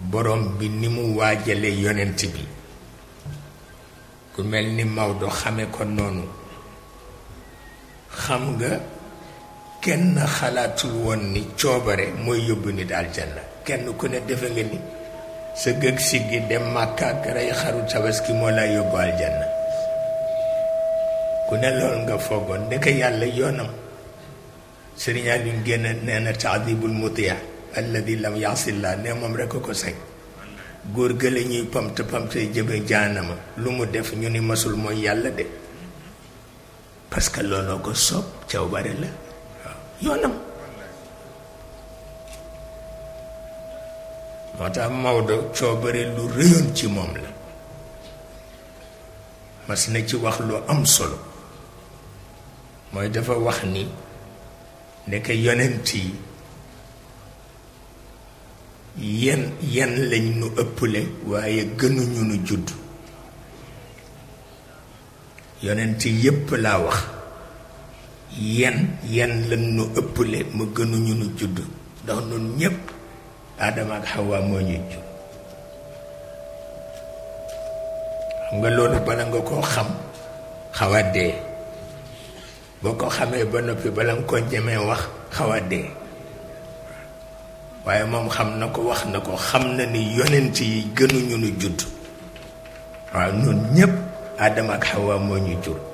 borom bi ni mu waajale yonent bi ku mel ni Maodo xame ko noonu xam nga kenn xalaatu woon ni coobare mooy yóbbu nit aljanna kenn ku ne defe nga ni sa gëg siggi dem Màkka ak rey xaru tabaski moo laa yóbbu aljanna ku ne lool nga foogoon ndeke yàlla yoonam sëriñ Aliou génn nee na taadibul mutiya alladi lam yaxsilla ne moom rekk ko sañ góor gële ñuy pamte pamte jëme jaanama lu mu def ñu ni masul mooy yàlla de parce que looloo ko soob caw bare la waaw yoonam moo tax Maodo coobare lu rëyoon ci moom la mas na ci wax lu am solo mooy dafa wax ni ndeke yonent yi yan yan lañ nu ëpple waaye gënuñu nu judd yonent yépp laa wax yan yan lañ nu ëpple ma gënuñu nu judd ndax nun ñépp aadama ak xawaa moo ñu xam nga loolu bala nga koo xam xawa boo ko xamee ba noppi bala nga ko jëmee wax xawa waaye moom xam na ko wax na ko xam na ni yonent yi gënuñu nu judd waaw ñun ñépp Aadama ak Hawa moo ñu jur